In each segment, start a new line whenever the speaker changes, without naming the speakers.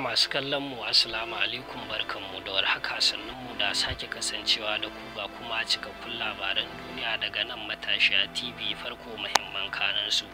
masu kallon mu assalamu alaikum mu da warhaka mu da sake kasancewa da ku ga kuma cikakkun labaran duniya daga nan matashiya tv farko muhimman kanansu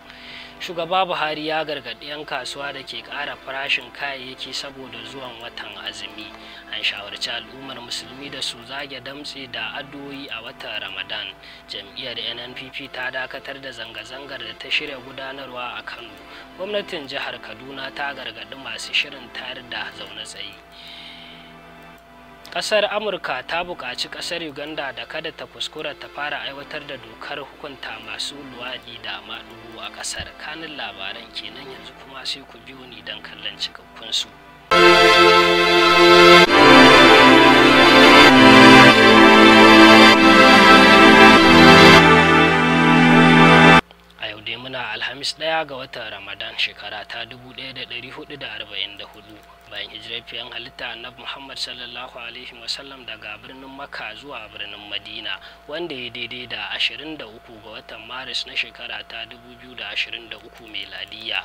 shugaba buhari ya gargaɗi 'yan kasuwa da ke ƙara farashin kayayyaki saboda zuwan watan azumi an shawarci al'ummar musulmi da su zage damtse da addu'o'i a watan ramadan jam'iyyar nnpp ta dakatar da zanga-zangar da ta shirya gudanarwa a kano gwamnatin jihar kaduna ta gargaɗi masu shirin tayar da zaune tsaye Ƙasar Amurka ta buƙaci ƙasar Uganda da kada ta kuskura ta fara aiwatar da dokar hukunta masu luwaɗi da maɗugu a ƙasar. Kanin labaran kenan yanzu kuma sai ku biyo ni don kallon cikakkun su. Alhamis ɗaya ga watan Ramadan shekara ta 1444 bayan fiyan halitta annabi muhammad sallallahu alaihi wasallam daga birnin makka zuwa birnin madina wanda ya daidai da ashirin da uku ga watan maris na shekara ta dubu meladiya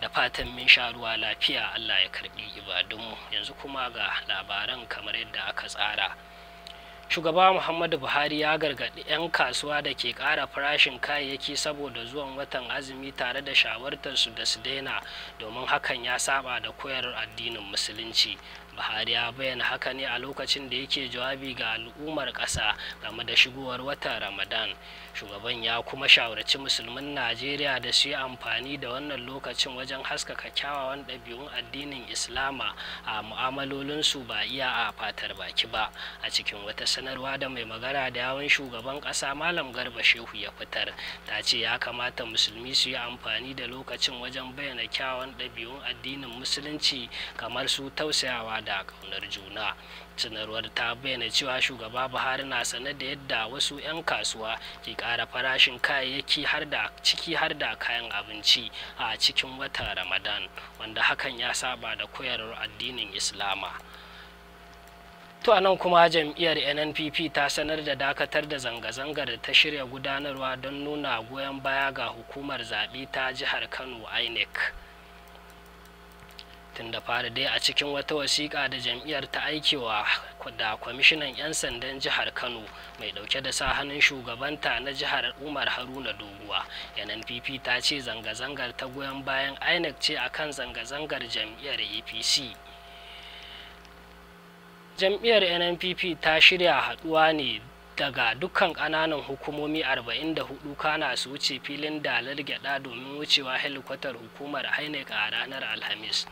da fatan min sha ruwa lafiya allah ya karbi ibadunmu yanzu kuma ga labaran kamar yadda aka tsara shugaba muhammadu buhari ya gargaɗi 'yan kasuwa da ke ƙara farashin kayayyaki saboda zuwan watan azumi tare da shawartarsu da su daina domin hakan ya saba da koyar addinin musulunci buhari ya bayyana haka ne a lokacin da yake jawabi ga al'ummar ƙasa game da shigowar watan ramadan shugaban ya kuma shawarci musulmin najeriya da su yi amfani da wannan lokacin wajen haskaka kyawawan ɗabi'un addinin islama a mu'amalolinsu ba iya a fatar baki ba a cikin wata sanarwa da mai magana da yawon shugaban ƙasa malam garba shehu ya fitar ta ce ya kamata musulmi su yi amfani da lokacin wajen bayyana kyawawan ɗabi'un addinin musulunci kamar su tausayawa da kaunar juna sanarwar ta bayyana cewa shugaba buhari na sane da yadda wasu 'yan kasuwa ke ƙara farashin kayayyaki har da ciki har da kayan abinci a cikin watan ramadan wanda hakan ya saba da koyarwar addinin islama to a nan kuma jam'iyyar nnpp ta sanar da dakatar da zanga-zangar da ta shirya gudanarwa don nuna goyon baya ga hukumar zaɓe ta jihar kano inec tun da fara dai a cikin wata wasiƙa da jam'iyyar ta aikewa da kwamishinan 'yan sandan jihar kano mai dauke da sa hannun shugabanta na jihar umar haruna doguwa nnpp ta ce zanga-zangar ta goyon bayan inec ce akan zanga-zangar jam'iyyar apc jam'iyyar nnpp ta shirya haduwa ne daga dukkan kananan hukumomi 44 kana su wuce filin dalar gyada domin wucewa helikwatar hukumar hainek a ranar alhamis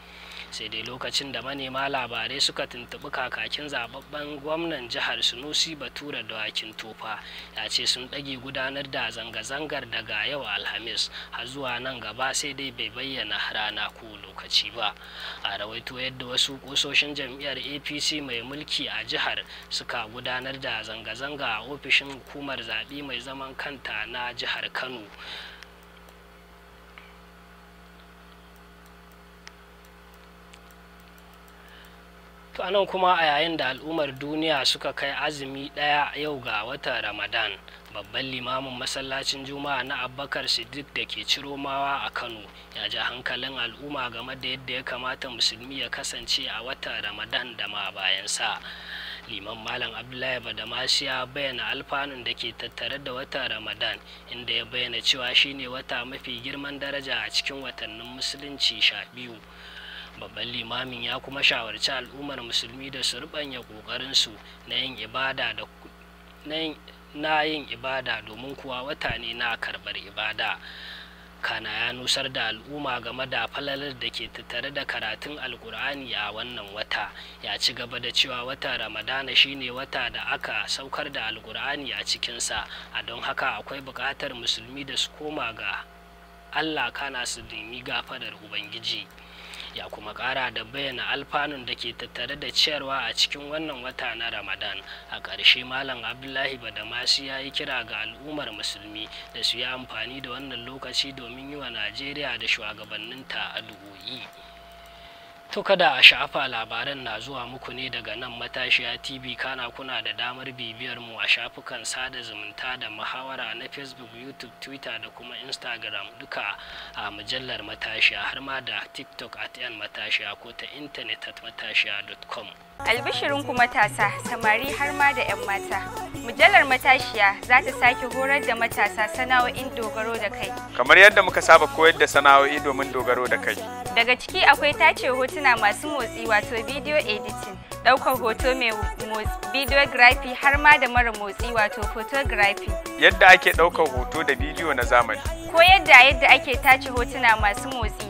sai dai lokacin da manema labarai suka tuntuɓi kakakin zababben gwamnan jihar sunusi bature da wakin tofa ya ce sun ɗage gudanar da zanga-zangar daga yau alhamis har zuwa nan gaba sai dai bai bayyana rana ko lokaci ba a rawaito yadda wasu kusoshin jam'iyyar apc mai mulki a jihar suka gudanar da zanga-zanga a ofishin hukumar zaɓe mai zaman kanta na jihar kano to anan kuma a yayin da al'ummar duniya suka kai azumi ɗaya yau ga watan ramadan babban limamin masallacin juma'a na abubakar siddiq da ke ciro mawa a kano ya ji hankalin al'umma game da yadda ya kamata musulmi ya kasance a wata ramadan da ma bayansa liman malam abdullahi badamashi ya bayyana alfanun da ke tattare da wata ramadan inda ya bayyana cewa shine wata mafi girman daraja a cikin watannin musulunci sha biyu babban limamin ya kuma shawarci al'ummar musulmi da su rubanya ƙoƙarinsu na yin ibada da na yin ibada domin kuwa wata ne na karɓar ibada kana ya nusar da al'umma game da falalar da ke tattare da karatun alkur'ani a wannan wata ya ci gaba da cewa wata ramadana shine wata da aka saukar da alkur'ani a cikinsa a don haka akwai buƙatar musulmi da su koma ga allah kana su nemi gafarar ubangiji ya kuma kara da bayyana alfanun da ke tattare da ciyarwa a cikin wannan wata na ramadan a ƙarshe malam abdullahi badamasi ya yi kira ga al'ummar musulmi da su yi amfani da wannan lokaci domin yi wa najeriya da shugabanninta addu'o'i To kada a shafa labaran na zuwa muku ne daga nan matashiya TV kana kuna da damar bibiyar mu a shafukan sada zumunta da muhawara na Facebook, YouTube, Twitter da kuma Instagram duka a mujallar matashiya har ma da TikTok at yan matashiya ko ta intanet at matashiya.com. Albishirin
ku matasa, samari har ma da 'yan mata. Mujallar matashiya za ta sake horar da matasa sana'o'in dogaro da kai.
Kamar yadda muka saba koyar da sana'o'i domin dogaro da kai.
Daga ciki akwai tace hotuna masu motsi wato video editing, ɗaukar hoto mai videography har ma da mara motsi wato photography. Yadda ake ɗaukar hoto
da bidiyo na zamani.
Ko yadda yadda ake tace hotuna masu motsi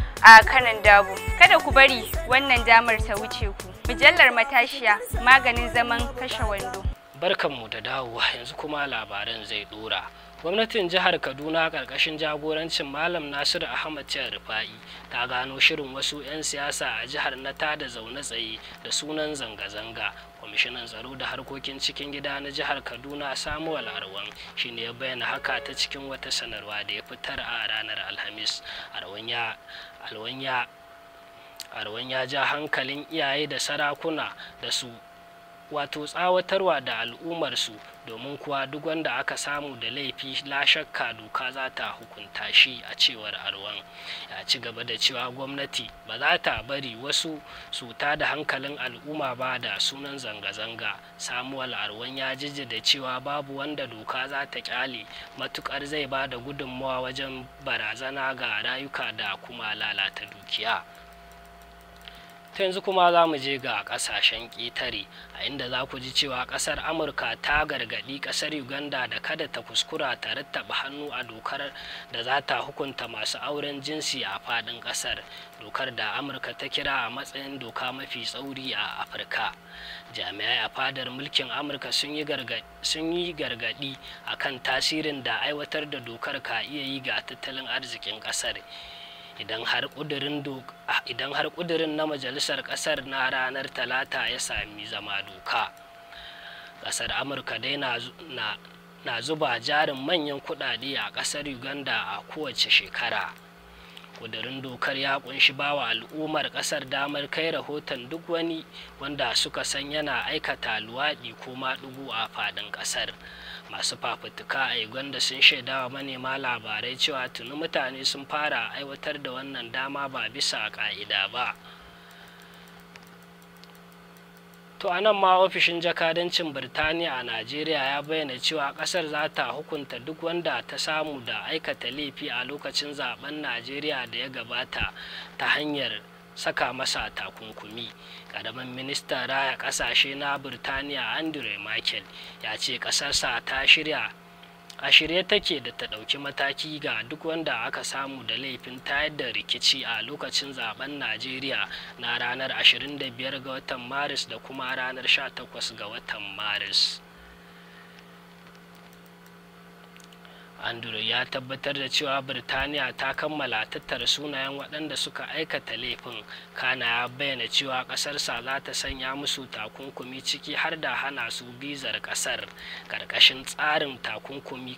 a kanan dabo. Kada ku bari wannan damar ta wuce ku. Mujallar matashiya maganin zaman kashe
wando. Barkanmu da dawowa yanzu kuma labaran zai dora. gwamnatin jihar kaduna karkashin jagorancin malam nasiru ahmad ciyar rufa'i ta gano shirin wasu 'yan siyasa a jihar na tada zaune tsaye da sunan zanga-zanga kwamishinan tsaro da harkokin cikin gida na jihar kaduna samuel arwan shine ya bayyana haka ta cikin wata sanarwa da ya fitar a ranar alhamis arwan ya ja hankalin iyaye da sarakuna da su wato tsawatarwa da al'ummarsu domin kuwa duk wanda aka samu da laifi la shakka doka za ta hukunta shi a cewar arwan ya ci gaba da cewa gwamnati ba za ta bari wasu su ta da hankalin al'umma ba da sunan zanga-zanga samuwal arwan ya da cewa babu wanda doka za ta kyale matukar zai ba da gudunmawa wajen barazana ga rayuka da kuma lalata dukiya ta yanzu kuma za mu je ga kasashen ƙetare a inda za ku ji cewa ƙasar amurka ta gargaɗi ƙasar uganda da kada ta kuskura ta rattaba hannu a dokar da za ta hukunta masu auren jinsi a faɗin ƙasar dokar da amurka ta kira a matsayin doka mafi tsauri a afirka jami'ai a fadar mulkin amurka sun yi gargaɗi a kan tasirin da aiwatar da dokar ka iya yi ga tattalin arzikin ƙasar idan har kudirin ah, na majalisar kasar na ranar talata ya sami zama doka kasar amurka dai na zuba jarin manyan kudade a kasar uganda a kowace shekara kudirin dokar ya kunshi bawa al'ummar kasar damar kai rahoton duk wani wanda suka san yana aikata luwaɗi ko maɗugu a faɗin ƙasar masu fafutuka a uganda sun shaidawa manema labarai cewa tuni mutane sun fara aiwatar da wannan dama ba bisa ƙa'ida ba to a nan ma ofishin jakadancin birtaniya a najeriya ya bayyana cewa kasar za ta hukunta duk wanda ta samu da aikata laifi a lokacin zaben najeriya da ya gabata ta hanyar saka masa takunkumi karamin ministan raya ƙasashe na birtaniya andrew michael ya ce ƙasarsa ta shirya a shirye take da ta ɗauki mataki ga duk wanda aka samu da laifin tayar da rikici a lokacin zaben najeriya na ranar 25 ga watan maris da kuma ranar 18 ga watan maris andrew ya tabbatar da cewa birtaniya ta kammala tattara sunayen waɗanda suka aikata laifin kana ya bayyana cewa ƙasarsa za ta sanya musu takunkumi ciki har da hana su bizar ƙasar ƙarƙashin tsarin takunkumi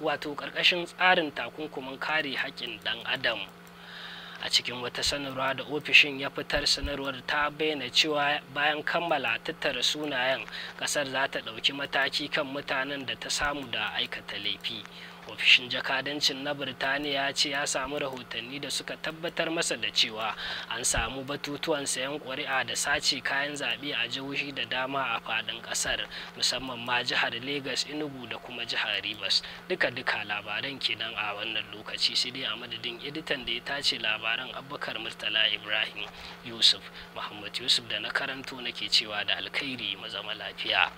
wato ƙarƙashin tsarin takunkumin kare haƙƙin ɗan adam a cikin wata sanarwa da ofishin ya fitar sanarwar ta bayyana cewa bayan kammala tattara sunayen ƙasar za ta ɗauki mataki kan mutanen da ta samu da aikata laifi ofishin jakadancin na birtaniya ya ce ya samu rahotanni da suka tabbatar masa da cewa an samu batutuwan sayan ƙuri'a da sace kayan zaɓe a jihohi da dama a faɗin ƙasar musamman ma jihar lagos inugu da kuma jihar rivers duka-duka labaran kenan a wannan lokaci sai dai a madadin editan da ya tace labaran abubakar murtala ibrahim yusuf muhammad yusuf da na karanto nake cewa da alkhairi mu zama lafiya